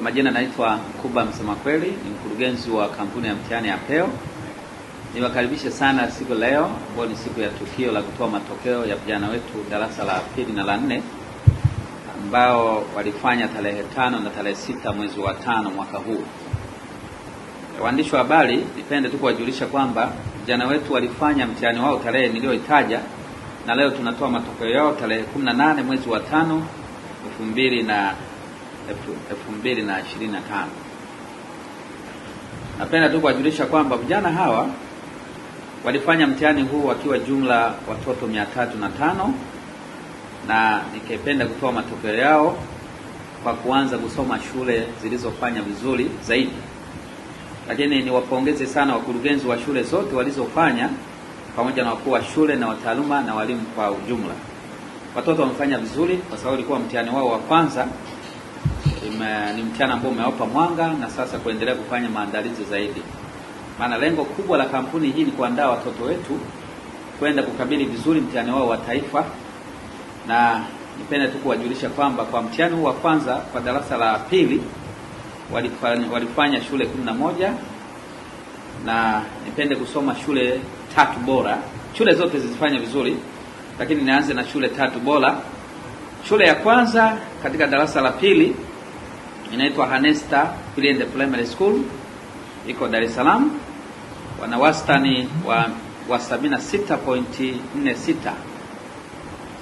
Kwa majina naitwa Kuba Msema Kweli, ni mkurugenzi wa kampuni ya mtihani ya peo Niwakaribishe sana siku leo ambayo ni siku ya tukio la kutoa matokeo ya vijana wetu darasa la pili na la nne ambao walifanya tarehe tano na tarehe sita mwezi wa tano mwaka huu. Waandishi wa habari, nipende tu kuwajulisha kwamba vijana wetu walifanya mtihani wao tarehe niliyoitaja, na leo tunatoa matokeo yao tarehe 18 mwezi wa tano elfu mbili na elfu mbili na ishirini na tano. Napenda tu kuwajulisha kwamba vijana hawa walifanya mtihani huu wakiwa jumla watoto mia tatu na tano na nikipenda kutoa matokeo yao kwa kuanza kusoma shule zilizofanya vizuri zaidi. Lakini niwapongeze sana wakurugenzi wa shule zote walizofanya pamoja na wakuu wa shule na wataaluma na walimu kwa ujumla. Watoto wamefanya vizuri kwa sababu ilikuwa mtihani wao wa kwanza ume, ni mchana ambao umewapa mwanga na sasa kuendelea kufanya maandalizi zaidi, maana lengo kubwa la kampuni hii ni kuandaa watoto wetu kwenda kukabili vizuri mtihani wao wa taifa, na nipende tu kuwajulisha kwamba kwa mtihani huu wa kwanza kwa darasa la pili walifanya, walifanya shule kumi na moja na nipende kusoma shule tatu bora. Shule zote zizifanya vizuri, lakini nianze na shule tatu bora. Shule ya kwanza katika darasa la pili inaitwa Hanesta Pilende Primary School iko Dar es Salaam. Wana wastani wa wa 76.46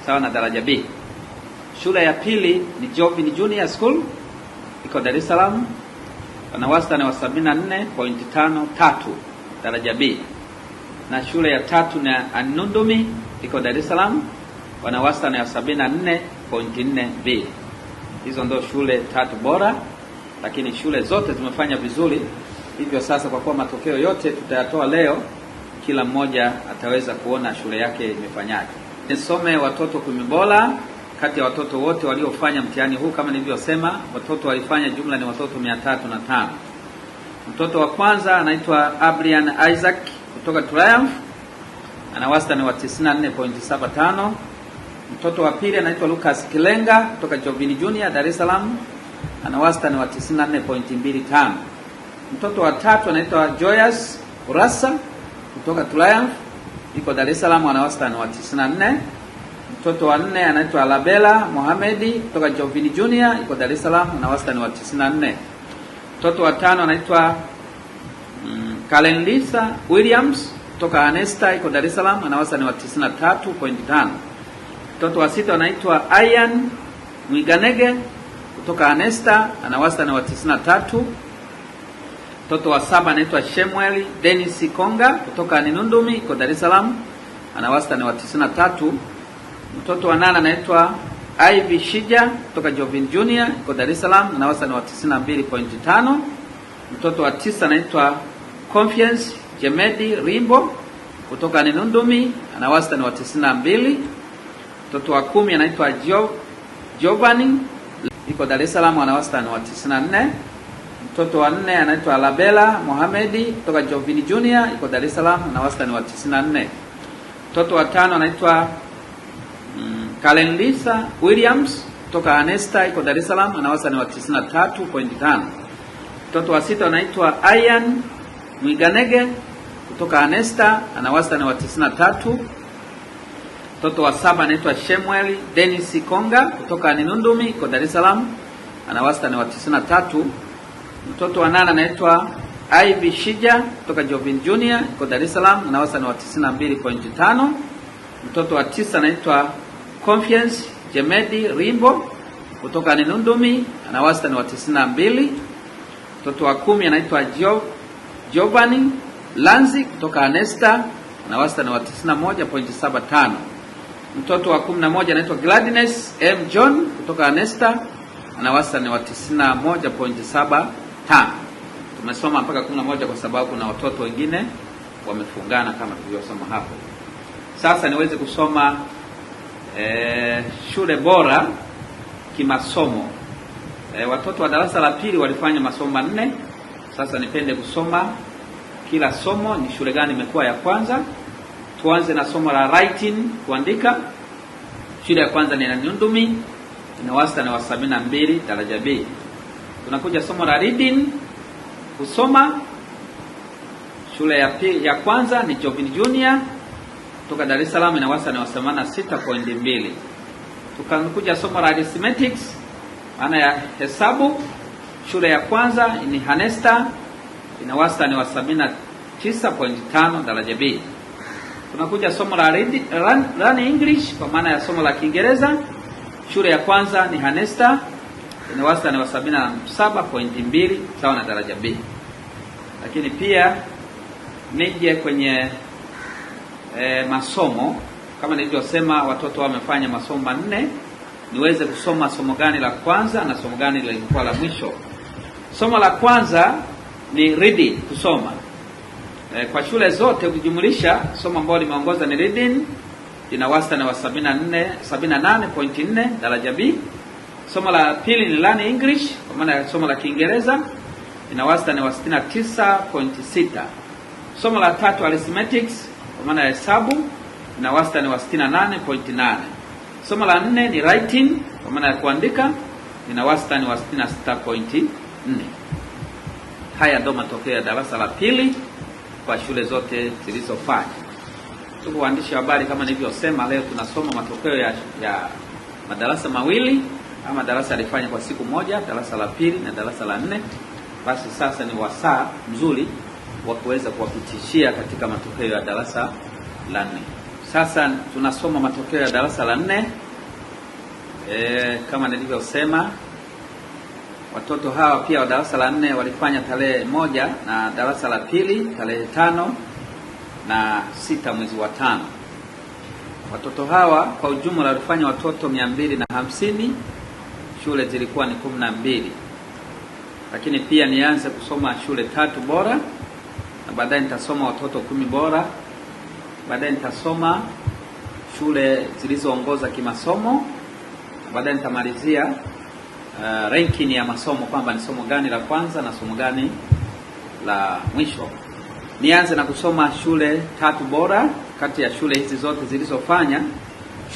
sawa na daraja B. Shule ya pili ni Jovin Junior School iko Dar es Salaam, wana wastani wa 74.53 daraja B, na shule ya tatu na Anundumi iko Dar es Salaam, wana wastani wa 74.4 B. Hizo ndio shule tatu bora, lakini shule zote zimefanya vizuri. Hivyo sasa, kwa kuwa matokeo yote tutayatoa leo, kila mmoja ataweza kuona shule yake imefanyaje. Nisome watoto kumi bora kati ya watoto wote waliofanya mtihani huu. Kama nilivyosema, watoto walifanya jumla ni watoto mia tatu na tano. Mtoto wa kwanza anaitwa Abrian Isaac kutoka Triumph, ana wastani wa 94.75 Mtoto wa pili anaitwa Lucas Kilenga kutoka Jovini Junior Dar es Salaam, ana wastani wa 94.25. Mtoto wa tatu anaitwa Joyous Urasa kutoka Triumph, iko Dar es Salaam, ana wastani wa 94. Mtoto wa nne anaitwa Labela Mohamedi kutoka Jovini Junior, iko Dar es Salaam, ana wastani wa 94. Mtoto wa tano anaitwa mm, Kalendisa Williams kutoka Anesta, iko Dar es Salaam, ana wastani wa 93.5. Mtoto wa sita anaitwa Ayan Mwiganege kutoka Anesta, ana wastani wa 93. Mtoto wa saba anaitwa Shemuel Dennis Konga kutoka Ninundumi iko Dar es Salaam, ana wastani wa 93. Mtoto wa nane anaitwa Ivy Shija kutoka Jovin Junior kwa Dar es Salaam, ana wastani wa 92.5. Mtoto wa tisa anaitwa Confiance Jemedi Rimbo kutoka Ninundumi, ana wastani wa 92. Mtoto wa kumi anaitwa Giovanni, iko Dar es Salaam, ana wastani wa 94. Mtoto wa nne anaitwa Labella Mohamedi kutoka Jovini Junior, iko Dar es Salaam, ana wastani wa 94. Mtoto wa tano anaitwa mm, Kalendisa Williams kutoka Anesta, iko Dar es Salaam, ana wastani wa 93.5. Mtoto wa sita anaitwa Ian Mwiganege kutoka Anesta, ana wastani wa 93 Mtoto wa saba anaitwa Shemweli Dennis Konga kutoka Ninundumi kwa Dar es Salaam, ana wastani wa 93. Mtoto wa nane anaitwa Ivy Shija kutoka Jovin Junior kwa Dar es Salaam, ana wastani wa 92.5. Mtoto wa tisa anaitwa Confidence Jemedi Rimbo kutoka Ninundumi, ana wastani wa 92. Mtoto wa kumi anaitwa Jovani Lanzi kutoka Anesta, ana wastani wa 91.75. Mtoto wa 11 anaitwa Gladness M John kutoka Anesta, ana wastani wa 91.75. Tumesoma mpaka 11 kwa sababu kuna watoto wengine wamefungana kama tulivyosoma hapo. Sasa niweze kusoma eh, shule bora kimasomo. Eh, watoto wa darasa la pili walifanya masomo manne. Sasa nipende kusoma kila somo, ni shule gani imekuwa ya kwanza Tuanze na somo la writing, kuandika. Shule ya kwanza ni Nanyundumi, ina wastani wa sabini na mbili daraja B. Tunakuja somo la reading, kusoma. Shule ya pili, ya kwanza ni Jovin Junior kutoka Dar es Salaam, ina wastani wa themanini na sita pointi mbili. Tukakuja somo la arithmetic, maana ya hesabu. Shule ya kwanza ni Hanesta, ina wastani wa sabini na tisa pointi tano daraja B. Tunakuja somo la read, run, run English kwa maana ya somo la Kiingereza. Shule ya kwanza ni Hanesta ni wastani wa 77.2 sawa na daraja B, lakini pia nije kwenye e, masomo kama nilivyosema, watoto wamefanya masomo manne, niweze kusoma somo gani la kwanza na somo gani lilikuwa la mwisho. Somo la kwanza ni reading, kusoma e, kwa shule zote ukijumulisha somo ambalo limeongoza ni reading lina wastani wa 74 78.4 daraja B. Somo la pili ni learn English kwa maana somo la Kiingereza lina wastani wa 69.6. Somo la tatu arithmetics kwa maana ya hesabu lina wastani wa 68.8. Somo la nne ni writing kwa maana ya kuandika lina wastani wa 66.4. Haya ndo matokeo ya darasa la pili kwa shule zote zilizofanya. Ndugu waandishi wa habari, kama nilivyosema, leo tunasoma matokeo ya, ya madarasa mawili ama darasa alifanya kwa siku moja, darasa la pili na darasa la nne. Basi sasa ni wasaa mzuri wa kuweza kuwapitishia katika matokeo ya darasa la nne. Sasa tunasoma matokeo ya darasa la nne e, kama nilivyosema Watoto hawa pia wa darasa la nne walifanya tarehe moja na darasa la pili tarehe tano na sita mwezi wa tano. Watoto hawa kwa ujumla walifanya watoto mia mbili na hamsini. Shule zilikuwa ni kumi na mbili, lakini pia nianze kusoma shule tatu bora na baadaye nitasoma watoto kumi bora, baadaye nitasoma shule zilizoongoza kimasomo, baadaye nitamalizia uh, ranking ya masomo kwamba ni somo gani la kwanza na somo gani la mwisho. Nianze na kusoma shule tatu bora kati ya shule hizi zote zilizofanya.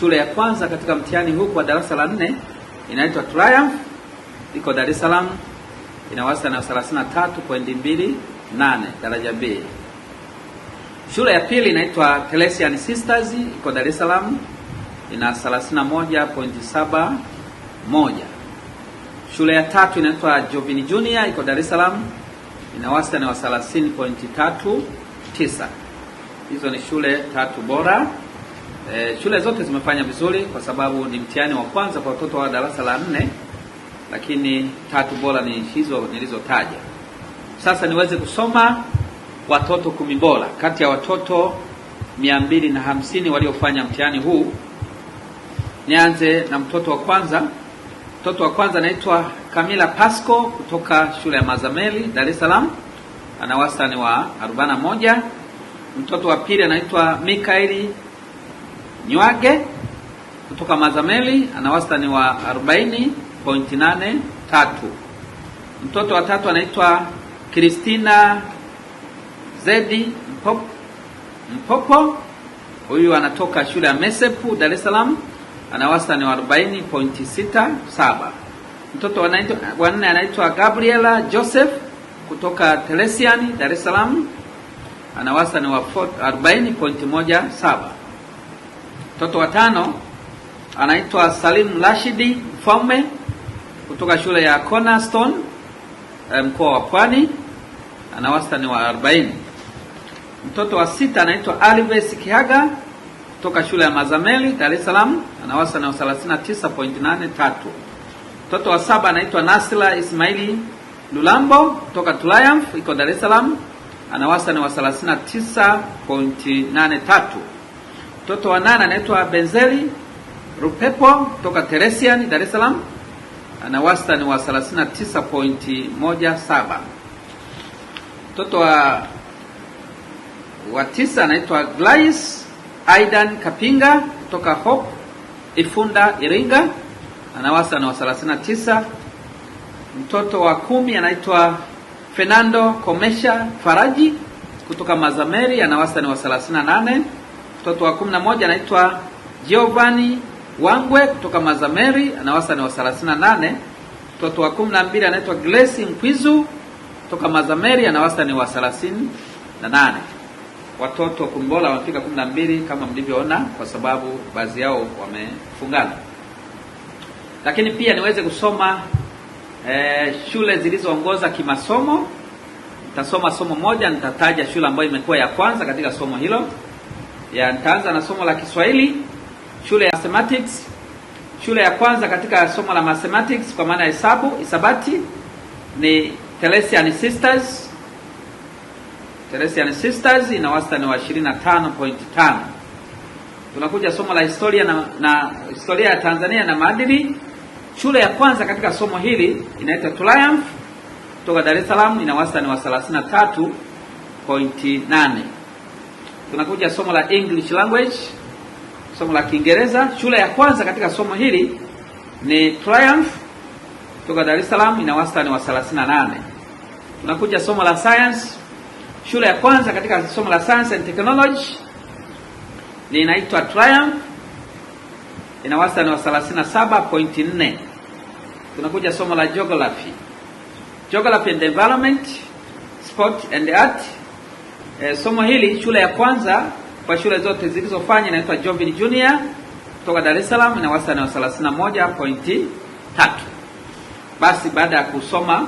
Shule ya kwanza katika mtihani huu kwa darasa la nne inaitwa Triumph, iko Dar es Salaam, ina wastani ya 33.28 daraja B. Shule ya pili inaitwa Teresian Sisters iko Dar es Salaam, ina 31.71 Shule ya tatu inaitwa Jovini Junior iko Dar es Salaam, ina wastani wa 30.39. Hizo ni shule tatu bora. E, shule zote zimefanya vizuri kwa sababu ni mtihani wa kwanza kwa watoto wa darasa la nne, lakini tatu bora ni hizo nilizotaja. Sasa niweze kusoma watoto kumi bora kati ya watoto mia mbili na hamsini waliofanya mtihani huu. Nianze na mtoto wa kwanza Mtoto wa kwanza anaitwa Kamila Pasco kutoka shule ya Mazameli, Dar es Salaam, ana wastani wa 41. Mtoto wa pili anaitwa Mikaeli Nywage kutoka Mazameli, ana wastani wa 40.83. Mtoto wa tatu anaitwa Kristina Zedi Mpopo, huyu anatoka shule ya Mesepu, Dar es Salaam ana wastani wa 40.67. Mtoto wa nne anaitwa Gabriela Joseph kutoka Teresiani, Dar es Salaam, ana wastani wa 40.17. Mtoto wa tano anaitwa Salim Rashidi Mfaume kutoka shule ya Cornerstone eh, mkoa wa Pwani, ana wastani wa 40. Mtoto wa sita anaitwa Alves Kihaga kutoka shule ya Mazameli Dar es Salaam, ana wastani wa 39.83. Mtoto wa saba anaitwa Nasla Ismaili Lulambo kutoka Triumph iko Dar es Salaam, ana wastani wa 39.83. Mtoto wa nane anaitwa Benzeli Rupepo kutoka Teresian Dar es Salaam, ana wastani wa 39.17. Mtoto wa wa tisa anaitwa Glaise Aidan Kapinga kutoka Hope Ifunda Iringa ana wastani wa 39. Mtoto wa kumi anaitwa Fernando Komesha Faraji kutoka Mazameri ana wastani wa 38. Mtoto wa 11 anaitwa Giovanni Wangwe kutoka Mazameri ana wastani wa 38. Mtoto wa 12 anaitwa Grace Mkwizu kutoka Mazameri ana wastani wa 38 watoto kumbola wamefika kumi na mbili kama mlivyoona, kwa sababu baadhi yao wamefungana. Lakini pia niweze kusoma eh, shule zilizoongoza kimasomo. Nitasoma somo moja, nitataja shule ambayo imekuwa ya kwanza katika somo hilo. Ya nitaanza na somo la Kiswahili, shule ya mathematics, shule ya kwanza katika somo la mathematics kwa maana ya hesabu, hisabati ni Teresian Sisters Teresian Sisters ina wastani wa 25.5. Tunakuja somo la historia na, na historia ya Tanzania na maadili. Shule ya kwanza katika somo hili inaitwa Triumph kutoka Dar es Salaam ina wastani wa 33.8. Tunakuja somo la English language, somo la Kiingereza. Shule ya kwanza katika somo hili ni Triumph kutoka Dar es Salaam ina wastani wa 38. Tunakuja somo la science shule ya kwanza katika somo la science and technology linaitwa Triumph, ina wastani wa 37.4. Tunakuja somo la geography, geography and environment, sport and art. E, somo hili shule ya kwanza kwa shule zote zilizofanya inaitwa Jovin Junior kutoka Dar es Salaam, ina wastani wa 31.3. Basi baada ya kusoma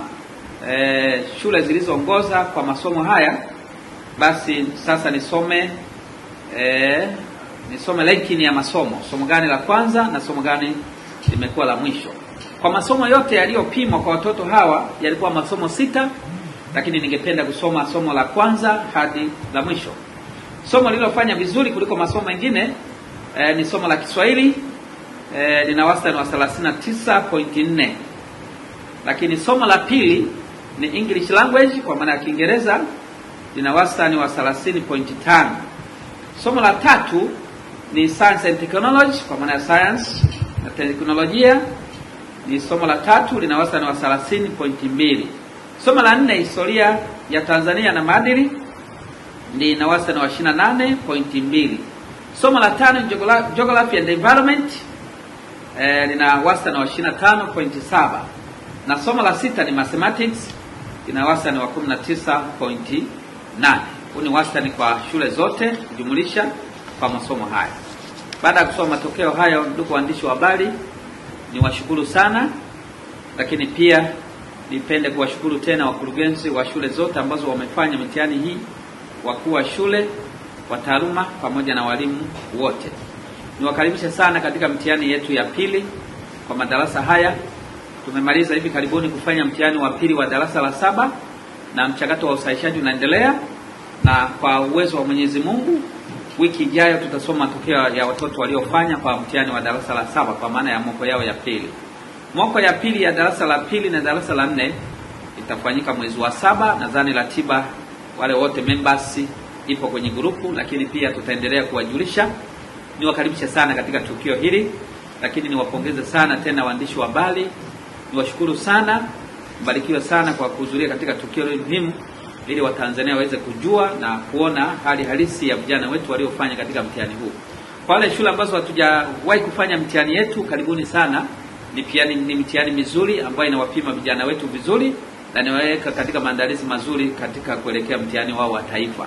eh, shule zilizoongoza kwa masomo haya, basi sasa nisome eh, nisome lankini ya masomo, somo gani la kwanza na somo gani limekuwa la mwisho. Kwa masomo yote yaliyopimwa kwa watoto hawa yalikuwa masomo sita, lakini ningependa kusoma somo la kwanza hadi la mwisho. Somo lililofanya vizuri kuliko masomo mengine eh, ni somo la Kiswahili eh, lina wastani wa 39.4, lakini somo la pili ni English language kwa maana ya Kiingereza lina wastani wa 30.5. Somo la tatu ni science and technology kwa maana ya science na teknolojia ni somo la tatu lina wastani wa 30.2. Somo la nne historia ya Tanzania na maadili lina wastani wa 28.2. Somo la tano geography and environment eh, lina wastani wa 25.7 na somo la sita ni mathematics ina wastani wa 19.8. Huu ni wastani kwa shule zote kujumulisha kwa masomo haya. Baada ya kusoma matokeo hayo, ndugu waandishi wa habari, niwashukuru sana, lakini pia nipende kuwashukuru tena wakurugenzi wa shule zote ambazo wamefanya mitihani hii, wakuu wa shule, wataaluma pamoja na walimu wote. Niwakaribisha sana katika mitihani yetu ya pili kwa madarasa haya. Tumemaliza hivi karibuni kufanya mtihani wa pili wa darasa la saba na mchakato wa usahihishaji unaendelea, na kwa uwezo wa Mwenyezi Mungu wiki ijayo tutasoma matokeo ya watoto waliofanya kwa mtihani wa darasa la saba kwa maana ya moko yao ya pili. Moko ya pili ya darasa la pili na darasa la nne itafanyika mwezi wa saba. Nadhani ratiba wale wote members ipo kwenye grupu, lakini pia tutaendelea kuwajulisha. Niwakaribisha sana katika tukio hili, lakini niwapongeze sana tena waandishi wa habari Niwashukuru sana, mbarikiwe sana kwa kuhudhuria katika tukio hili muhimu, ili Watanzania waweze kujua na kuona hali halisi ya vijana wetu waliofanya katika mtihani huu. Kwa wale shule ambazo hatujawahi kufanya mtihani yetu, karibuni sana. Ni mtihani ni mtihani mizuri ambayo inawapima vijana wetu vizuri na niwaweka katika maandalizi mazuri katika kuelekea mtihani wao wa taifa.